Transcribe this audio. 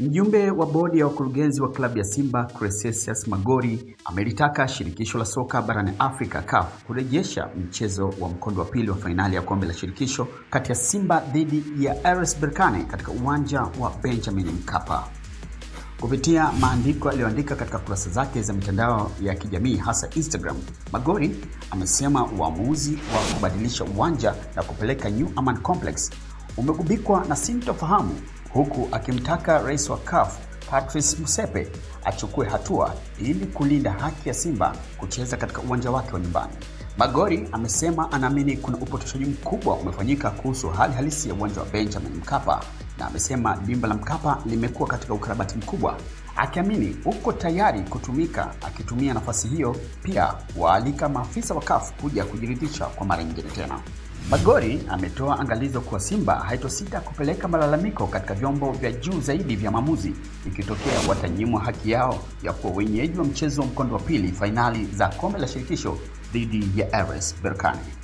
Mjumbe wa bodi ya wakurugenzi wa klabu ya Simba Crescentius Magori amelitaka shirikisho la soka barani Afrika CAF kurejesha mchezo wa mkondo wa pili wa fainali ya kombe la shirikisho kati ya Simba dhidi ya RS Berkane katika uwanja wa Benjamin Mkapa. Kupitia maandiko aliyoandika katika kurasa zake za mitandao ya kijamii hasa Instagram, Magori amesema uamuzi wa kubadilisha uwanja na kupeleka New Aman Complex umegubikwa na sintofahamu huku akimtaka rais wa CAF Patrice musepe achukue hatua ili kulinda haki ya Simba kucheza katika uwanja wake wa nyumbani. Bagori amesema anaamini kuna upotoshaji mkubwa umefanyika kuhusu hali halisi ya uwanja wa Benjamin Mkapa na amesema dimba la Mkapa limekuwa katika ukarabati mkubwa, akiamini uko tayari kutumika. Akitumia nafasi hiyo pia waalika maafisa wa CAF kuja kujiridhisha kwa mara nyingine tena. Bagori ametoa angalizo kuwa Simba haitosita kupeleka malalamiko katika vyombo vya juu zaidi vya maamuzi, ikitokea watanyimwa haki yao ya kuwa wenyeji wa mchezo wa mkondo wa pili fainali za kombe la shirikisho DD Yeres Berkani.